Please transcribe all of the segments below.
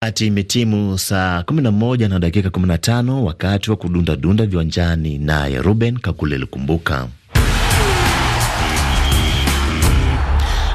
Ati imetimu saa 11 na dakika 15, wakati wa kudundadunda viwanjani, naye Ruben Kakule Lukumbuka.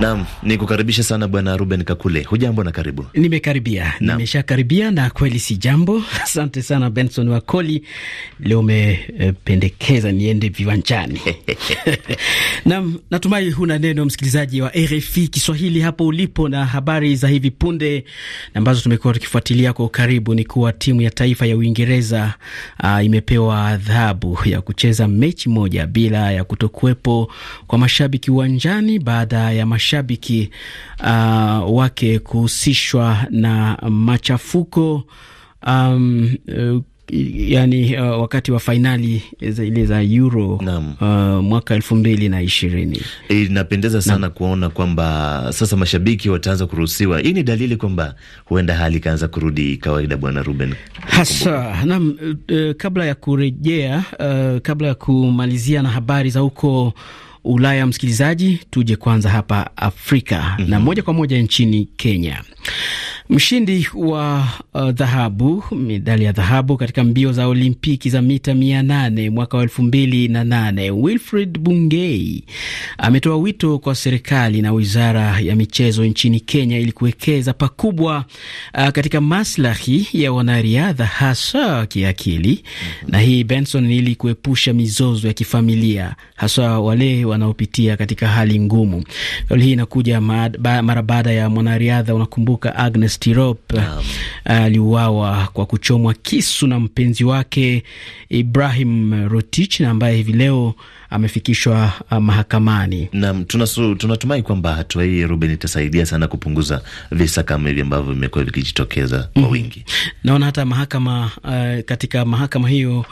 Naam, ni kukaribisha sana Bwana Ruben Kakule. Hujambo na karibu. Nimekaribia, nimeshakaribia na kweli si jambo. Asante sana Benson Wakoli, leo umependekeza uh, niende viwanjani Naam, natumai huna neno msikilizaji wa RFI Kiswahili hapo ulipo, na habari za hivi punde ambazo tumekuwa tukifuatilia kwa karibu ni kuwa timu ya taifa ya Uingereza uh, imepewa adhabu ya kucheza mechi moja bila ya kutokuwepo kwa mashabiki uwanjani baada ya mashabiki mashabiki uh, wake kuhusishwa na machafuko um, uh, yani uh, wakati wa fainali ile za Euro uh, mwaka elfu mbili na ishirini. Eh, inapendeza sana Naam. kuona kwamba sasa mashabiki wataanza kuruhusiwa. Hii ni dalili kwamba huenda hali ikaanza kurudi kawaida, Bwana Ruben hasa nam. Uh, eh, kabla ya kurejea uh, kabla ya kumalizia na habari za huko Ulaya. Msikilizaji, tuje kwanza hapa Afrika mm -hmm. na mhm. moja kwa moja nchini Kenya Mshindi wa uh, dhahabu medali ya dhahabu katika mbio za Olimpiki za mita mia nane mwaka wa elfu mbili na nane Wilfred Bungei ametoa wito kwa serikali na wizara ya michezo nchini Kenya ili kuwekeza pakubwa uh, katika maslahi ya wanariadha hasa kiakili, mhm. na hii Benson, ili kuepusha mizozo ya kifamilia hasa wale wanaopitia katika hali ngumu. Kauli hii inakuja mara baada ya mwanariadha, unakumbuka Agnes Stirop aliuawa kwa kuchomwa kisu na mpenzi wake Ibrahim Rotich na ambaye hivi leo amefikishwa uh, mahakamani. Naam, tunatumai kwamba hatua hii Ruben itasaidia sana kupunguza visa kama hivi ambavyo vimekuwa vikijitokeza kwa mhm. wingi. Naona hata mahakama uh, katika mahakama hiyo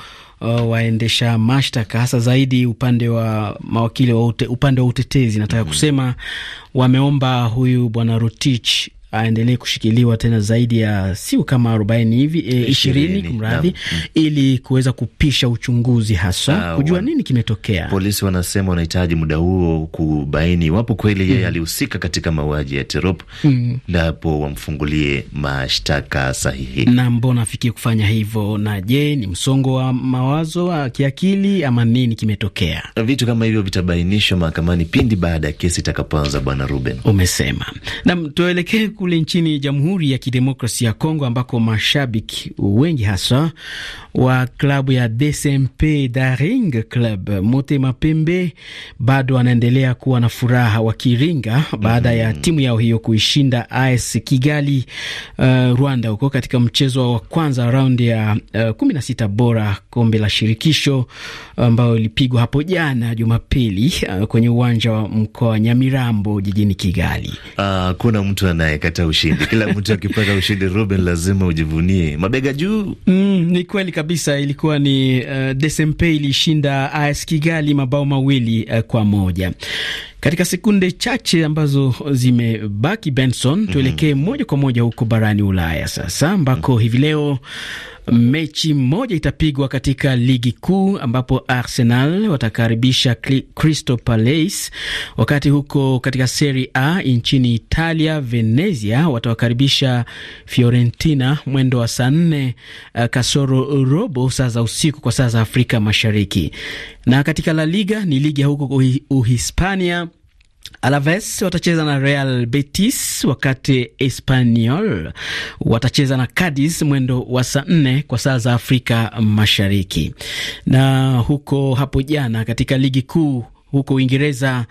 Uh, waendesha mashtaka hasa zaidi upande wa mawakili wa ute, upande wa utetezi nataka mm -hmm. kusema wameomba huyu bwana Rotich aendelee kushikiliwa tena zaidi ya siku kama arobaini hivi e, ishirini, kumradhi, ili kuweza kupisha uchunguzi haswa kujua wan... nini kimetokea. Polisi wanasema wanahitaji muda huo kubaini iwapo kweli yeye mm. alihusika katika mauaji ya Terop, mm. ndapo wamfungulie mashtaka sahihi. Na mbona afikie kufanya hivyo? Na je, ni msongo wa mawazo wa kiakili ama nini kimetokea? Vitu kama hivyo vitabainishwa mahakamani pindi baada ya kesi itakapoanza. Bwana Ruben, umesema nam tuelekee kule nchini Jamhuri ya Kidemokrasia ya Kongo ambako mashabiki wengi haswa wa klabu ya DSMP Daring Club Motema Pembe bado wanaendelea kuwa na furaha wakiringa baada mm -hmm. ya mm-hmm. timu yao hiyo kuishinda AS Kigali uh, Rwanda huko katika mchezo wa kwanza raundi ya uh, kumi na sita bora kombe la shirikisho ambayo ilipigwa hapo jana Jumapili uh, kwenye uwanja wa mkoa wa Nyamirambo jijini Kigali. Uh, kuna mtu anaye amepata ushindi. Kila mtu akipata ushindi, Ruben, lazima ujivunie, mabega juu. Mm, ni kweli kabisa. Ilikuwa ni uh, Desempe ilishinda AS Kigali mabao mawili uh, kwa moja. Katika sekunde chache ambazo zimebaki, Benson, mhm. tuelekee mm -hmm. moja kwa moja huko barani Ulaya sasa ambako mm -hmm. hivi leo Mechi moja itapigwa katika ligi kuu ambapo Arsenal watakaribisha Crystal Palace, wakati huko katika Serie A nchini Italia, Venezia watawakaribisha Fiorentina mwendo wa saa nne uh, kasoro robo saa za usiku kwa saa za Afrika Mashariki. Na katika La Liga ni ligi ya huko Uhispania uh, Alaves watacheza na Real Betis, wakati Espanyol watacheza na Cadiz mwendo wa saa nne kwa saa za Afrika Mashariki. Na huko hapo jana katika ligi kuu huko Uingereza,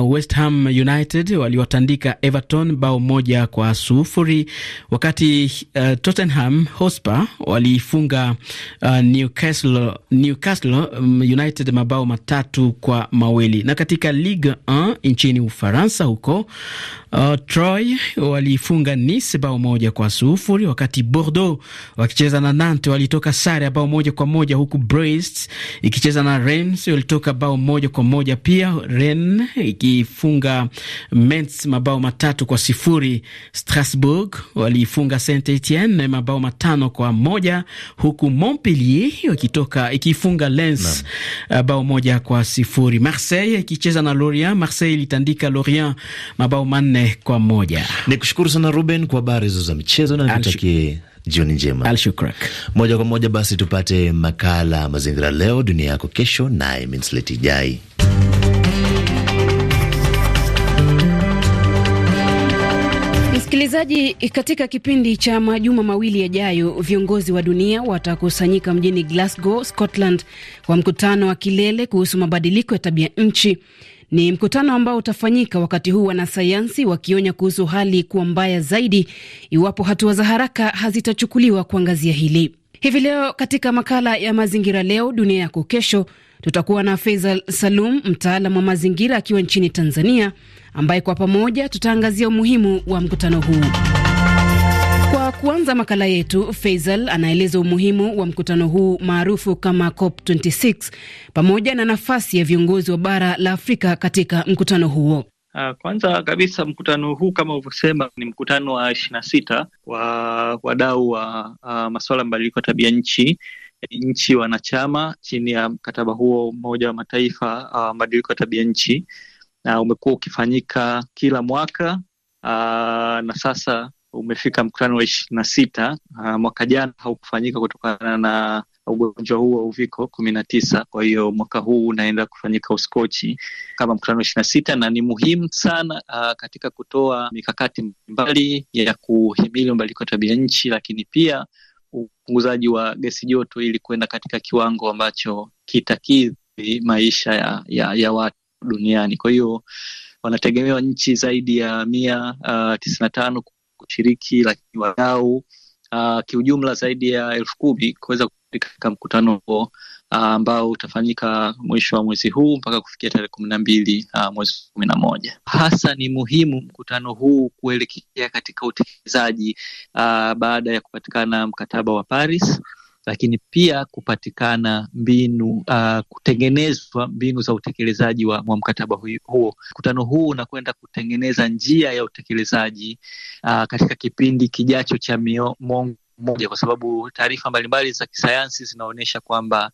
uh, West Ham United waliwatandika Everton bao moja kwa sufuri, wakati uh, Tottenham Hotspur waliifunga uh, Newcastle, Newcastle um, United mabao matatu kwa mawili. Na katika Ligue 1 nchini Ufaransa huko uh, Troy waliifunga Nice bao moja kwa sufuri, wakati Bordeaux wakicheza na Nantes walitoka sare ya bao moja kwa moja, huku Brest ikicheza na Reims walitoka bao moja kwa moja moja pia Ren ikifunga Metz mabao matatu kwa sifuri. Strasbourg waliifunga Saint Etienne mabao matano kwa moja huku Montpellier ikitoka ikifunga Lens eh, bao moja kwa sifuri. Marseille ikicheza na Lorient, Marseille ilitandika Lorient mabao manne kwa moja. Ni kushukuru sana Ruben kwa habari hizo za michezo na nikutakie jioni njema. Alshukrak. Moja kwa moja basi tupate makala Mazingira Leo Dunia Yako Kesho, naye Minsleti Jai. Msikilizaji, katika kipindi cha majuma mawili yajayo, viongozi wa dunia watakusanyika mjini Glasgow, Scotland, kwa mkutano wa kilele kuhusu mabadiliko ya tabia nchi. Ni mkutano ambao utafanyika wakati huu wanasayansi wakionya kuhusu hali kuwa mbaya zaidi iwapo hatua za haraka hazitachukuliwa kuangazia hili. Hivi leo katika makala ya mazingira, leo dunia yako kesho, Tutakuwa na Faisal Salum, mtaalam wa mazingira akiwa nchini Tanzania, ambaye kwa pamoja tutaangazia umuhimu wa mkutano huu. Kwa kuanza makala yetu, Faisal anaeleza umuhimu wa mkutano huu maarufu kama COP26 pamoja na nafasi ya viongozi wa bara la Afrika katika mkutano huo. Ah, kwanza kabisa mkutano huu kama ulivyosema, ni mkutano wa ishirini na sita wa wadau wa ah, masuala ya mabadiliko ya tabia nchi nchi wanachama chini ya mkataba huo Umoja wa Mataifa uh, mabadiliko ya tabia nchi na umekuwa ukifanyika kila mwaka uh, na sasa umefika mkutano wa ishirini na sita. Uh, mwaka jana haukufanyika kutokana na ugonjwa huu wa uviko kumi na tisa. Kwa hiyo mwaka huu unaenda kufanyika Uskochi kama mkutano wa ishirini na sita, na ni muhimu sana uh, katika kutoa mikakati mbalimbali ya kuhimili mabadiliko ya tabia nchi, lakini pia upunguzaji wa gesi joto ili kuenda katika kiwango ambacho kitakidhi maisha ya, ya, ya watu duniani. Kwa hiyo wanategemewa nchi zaidi ya mia uh, tisini na tano kushiriki, lakini wadau uh, kiujumla zaidi ya elfu kumi kuweza kushiriki katika mkutano huo Ah, ambao utafanyika mwisho wa mwezi huu mpaka kufikia tarehe kumi na mbili ah, mwezi kumi na moja. Hasa ni muhimu mkutano huu kuelekea katika utekelezaji ah, baada ya kupatikana mkataba wa Paris lakini pia kupatikana mbinu uh, kutengenezwa mbinu za utekelezaji wa, wa mkataba huo. Mkutano huu unakwenda kutengeneza njia ya utekelezaji uh, katika kipindi kijacho cha miongo moja, kwa sababu taarifa mbalimbali za kisayansi zinaonyesha kwamba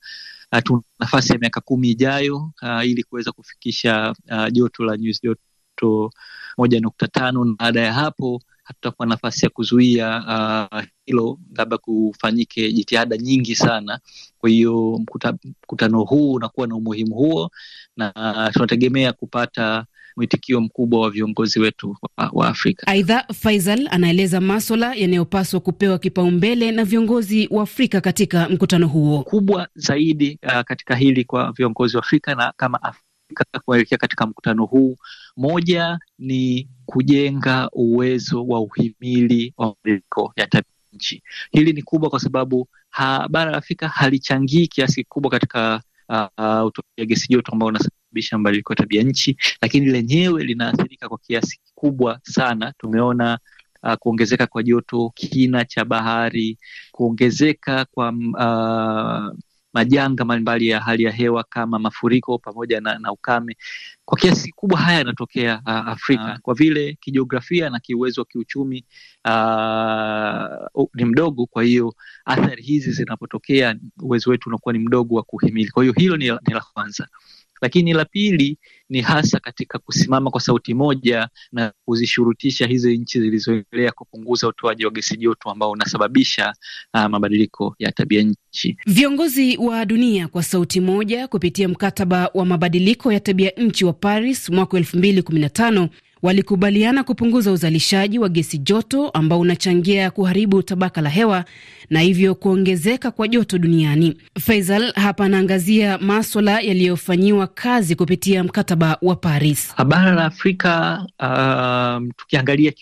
uh, tuna nafasi ya miaka kumi ijayo uh, ili kuweza kufikisha uh, joto la nyuzi joto moja nukta tano na baada ya hapo hatutakuwa nafasi ya kuzuia uh, hilo, labda kufanyike jitihada nyingi sana. Kwa hiyo mkuta, mkutano huu unakuwa na umuhimu huo, na uh, tunategemea kupata mwitikio mkubwa wa viongozi wetu wa, wa Afrika. Aidha, Faisal anaeleza maswala yanayopaswa kupewa kipaumbele na viongozi wa Afrika katika mkutano huo kubwa zaidi uh, katika hili kwa viongozi wa Afrika na kama Afrika kuelekea katika mkutano huu, moja ni kujenga uwezo wa uhimili wa mabadiliko ya tabia nchi. Hili ni kubwa kwa sababu ha, bara la Afrika halichangii kiasi kikubwa katika uh, uh, utoaji gesi joto ambao kusababisha mabadiliko ya tabia nchi, lakini lenyewe linaathirika kwa kiasi kikubwa sana. Tumeona uh, kuongezeka kwa joto, kina cha bahari, kuongezeka kwa uh, majanga mbalimbali ya hali ya hewa kama mafuriko pamoja na, na ukame. Kwa kiasi kikubwa haya yanatokea uh, Afrika ah. kwa vile kijiografia na kiuwezo wa kiuchumi uh, ni mdogo. Kwa hiyo athari hizi zinapotokea, uwezo wetu unakuwa ni mdogo wa kuhimili. Kwa hiyo hilo ni, ni la kwanza. Lakini la pili ni hasa katika kusimama kwa sauti moja na kuzishurutisha hizi nchi zilizoendelea kupunguza utoaji wa gesi joto ambao unasababisha uh, mabadiliko ya tabia nchi. Viongozi wa dunia kwa sauti moja kupitia mkataba wa mabadiliko ya tabia nchi wa Paris mwaka elfu mbili kumi na tano walikubaliana kupunguza uzalishaji wa gesi joto ambao unachangia kuharibu tabaka la hewa na hivyo kuongezeka kwa joto duniani. Faisal hapa anaangazia maswala yaliyofanyiwa kazi kupitia mkataba wa Paris. Bara la Afrika um, tukiangalia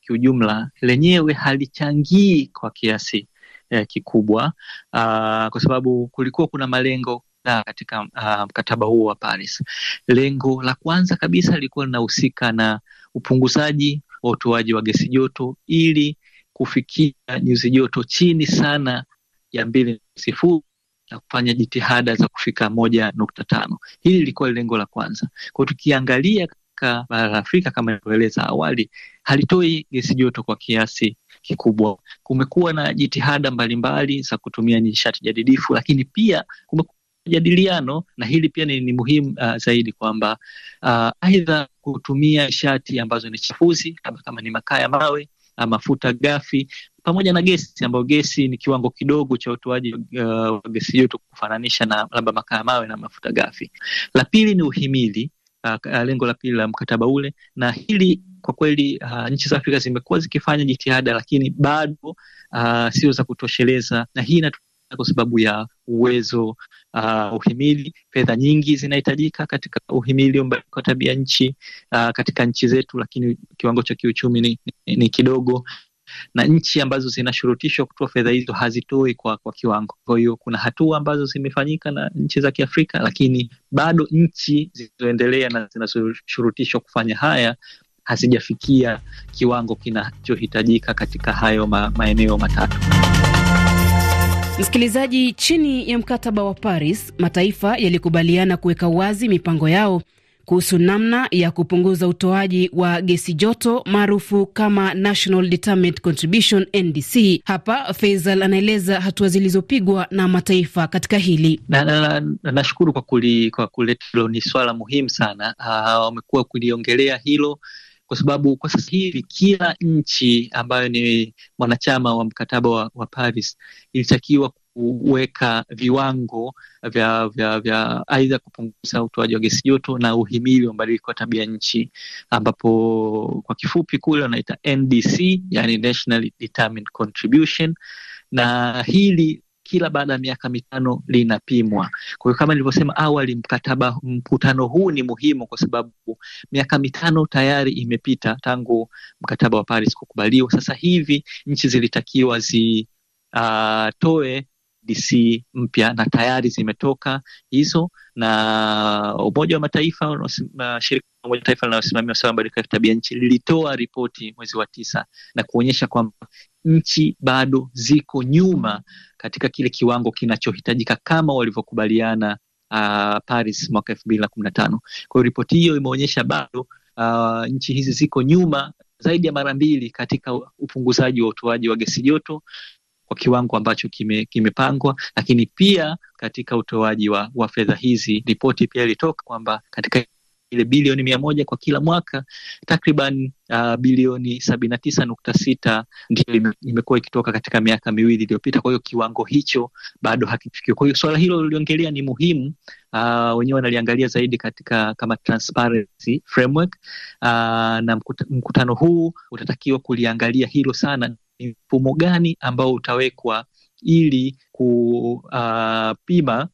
kiujumla, lenyewe halichangii kwa kiasi eh, kikubwa uh, kwa sababu kulikuwa kuna malengo na katika uh, mkataba huo wa Paris. Lengo la kwanza kabisa lilikuwa linahusika na upunguzaji wa utoaji wa gesi joto ili kufikia nyuzi joto chini sana ya mbili sifuri na kufanya jitihada za kufika moja nukta tano. Hili lilikuwa lengo la kwanza. kwao. tukiangalia katika bara la Afrika kama ilivyoeleza awali, halitoi gesi joto kwa kiasi kikubwa. Kumekuwa na jitihada mbalimbali za kutumia nishati jadidifu, lakini pia kumekuwa majadiliano, na hili pia ni, ni muhimu uh, zaidi kwamba uh, aidha kutumia shati ambazo ni chafuzi kama, kama ni makaa ya mawe mafuta gafi pamoja na gesi ambayo gesi ni kiwango kidogo cha utoaji uh, wa uh, gesi joto kufananisha na labda makaa ya mawe na mafuta gafi La pili ni uhimili uh, uh, lengo la pili la mkataba ule, na hili kwa kweli uh, nchi za Afrika zimekuwa zikifanya jitihada, lakini bado uh, sio za kutosheleza, na hii inatokana kwa sababu ya uwezo uh, uhimili. Fedha nyingi zinahitajika katika uhimili wa tabia nchi uh, katika nchi zetu, lakini kiwango cha kiuchumi ni, ni, ni kidogo na nchi ambazo zinashurutishwa kutoa fedha hizo hazitoi kwa, kwa kiwango. Kwa hiyo kuna hatua ambazo zimefanyika na nchi za Kiafrika, lakini bado nchi zilizoendelea na zinashurutishwa kufanya haya hazijafikia kiwango kinachohitajika katika hayo ma, maeneo matatu. Msikilizaji, chini ya mkataba wa Paris, mataifa yalikubaliana kuweka wazi mipango yao kuhusu namna ya kupunguza utoaji wa gesi joto maarufu kama National Determined Contribution NDC. Hapa Faisal anaeleza hatua zilizopigwa na mataifa katika hili. Nashukuru na, na, na, na kwa kulileta, ni swala muhimu sana. Ah, wamekuwa kuliongelea hilo kwa sababu kwa sasa hivi kila nchi ambayo ni mwanachama wa mkataba wa, wa Paris ilitakiwa kuweka viwango vya vya vya aidha kupunguza utoaji wa gesi joto na uhimili wa mabadiliko ya tabia nchi, ambapo kwa kifupi kule wanaita NDC, yani National Determined Contribution, na hili kila baada ya miaka mitano linapimwa. Kwa hiyo kama nilivyosema awali, mkataba mkutano huu ni muhimu kwa sababu miaka mitano tayari imepita tangu mkataba wa Paris kukubaliwa. Sasa hivi nchi zilitakiwa zitoe ah, uh, DC mpya na tayari zimetoka hizo, na Umoja wa Mataifa uh, shirika la Umoja wa Mataifa linalosimamia usawa mabadiliko ya tabia nchi lilitoa ripoti mwezi wa tisa na kuonyesha kwamba nchi bado ziko nyuma mm. katika kile kiwango kinachohitajika kama walivyokubaliana uh, Paris mwaka elfu mbili na kumi na tano. Kwa hiyo ripoti hiyo imeonyesha bado uh, nchi hizi ziko nyuma zaidi ya mara mbili katika upunguzaji wa utoaji wa gesi joto kwa kiwango ambacho kimepangwa kime, lakini pia katika utoaji wa, wa fedha hizi. Ripoti pia ilitoka kwamba katika ile bilioni mia moja kwa kila mwaka, takriban uh, bilioni sabini na tisa nukta sita ndio imekuwa ikitoka katika miaka miwili iliyopita. Kwa hiyo kiwango hicho bado hakifikiwa Kwa hiyo swala hilo liliongelea ni muhimu, uh, wenyewe wanaliangalia zaidi katika kama transparency framework uh, na mkuta, mkutano huu utatakiwa kuliangalia hilo sana, ni mfumo gani ambao utawekwa ili kupima uh,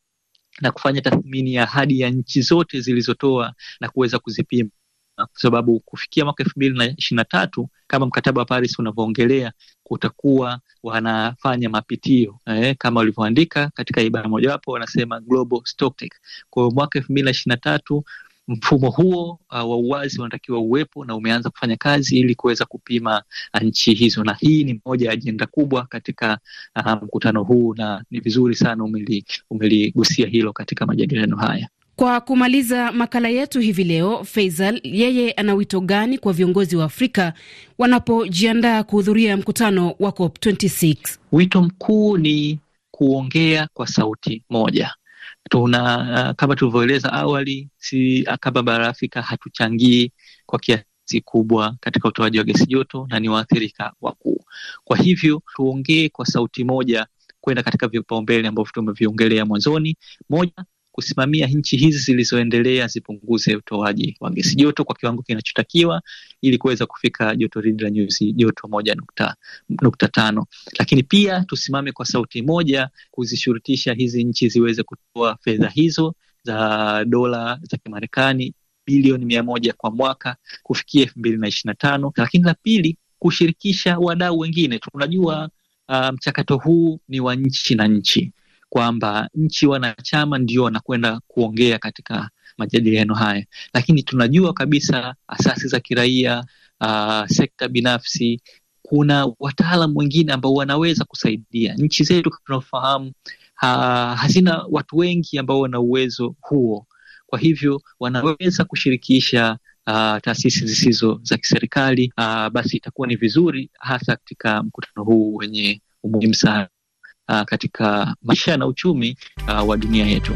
na kufanya tathmini ya ahadi ya nchi zote zilizotoa na kuweza kuzipima, kwa sababu kufikia mwaka elfu mbili na ishirini na tatu kama mkataba wa Paris unavyoongelea kutakuwa wanafanya mapitio eh, kama walivyoandika katika ibara mojawapo wanasema global stocktake. Kwa hiyo mwaka elfu mbili na ishirini na tatu mfumo huo uh, wa uwazi unatakiwa uwepo na umeanza kufanya kazi ili kuweza kupima uh, nchi hizo, na hii ni moja ya ajenda kubwa katika uh, mkutano huu, na ni vizuri sana umeligusia hilo katika majadiliano haya. Kwa kumaliza makala yetu hivi leo, Faisal yeye ana wito gani kwa viongozi wa Afrika wanapojiandaa kuhudhuria mkutano wa COP 26? Wito mkuu ni kuongea kwa sauti moja tuna uh, kama tulivyoeleza awali, si ah, kama bara Afrika hatuchangii kwa kiasi kubwa katika utoaji wa gesi joto na ni waathirika wakuu. Kwa hivyo tuongee kwa sauti moja kwenda katika vipaumbele ambavyo tumeviongelea mwanzoni. Moja kusimamia nchi hizi zilizoendelea zipunguze utoaji wa gesi joto kwa kiwango kinachotakiwa ili kuweza kufika joto ridi la nyuzi joto moja nukta, nukta tano. Lakini pia tusimame kwa sauti moja kuzishurutisha hizi nchi ziweze kutoa fedha hizo za dola za Kimarekani bilioni mia moja kwa mwaka kufikia elfu mbili na ishirini na tano. Lakini la pili kushirikisha wadau wengine. Tunajua ah, mchakato huu ni wa nchi na nchi kwamba nchi wanachama ndio wanakwenda kuongea katika majadiliano haya, lakini tunajua kabisa asasi za kiraia, uh, sekta binafsi, kuna wataalam wengine ambao wanaweza kusaidia nchi zetu. Tunafahamu uh, hazina watu wengi ambao wana uwezo huo, kwa hivyo wanaweza kushirikisha Uh, taasisi zisizo za kiserikali uh, basi itakuwa ni vizuri hasa katika mkutano huu wenye umuhimu sana uh, katika maisha na uchumi uh, wa dunia yetu.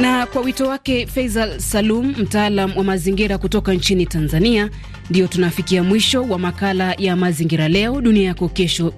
Na kwa wito wake Faisal Salum, mtaalam wa mazingira kutoka nchini Tanzania, ndiyo tunafikia mwisho wa makala ya mazingira leo dunia yako kesho.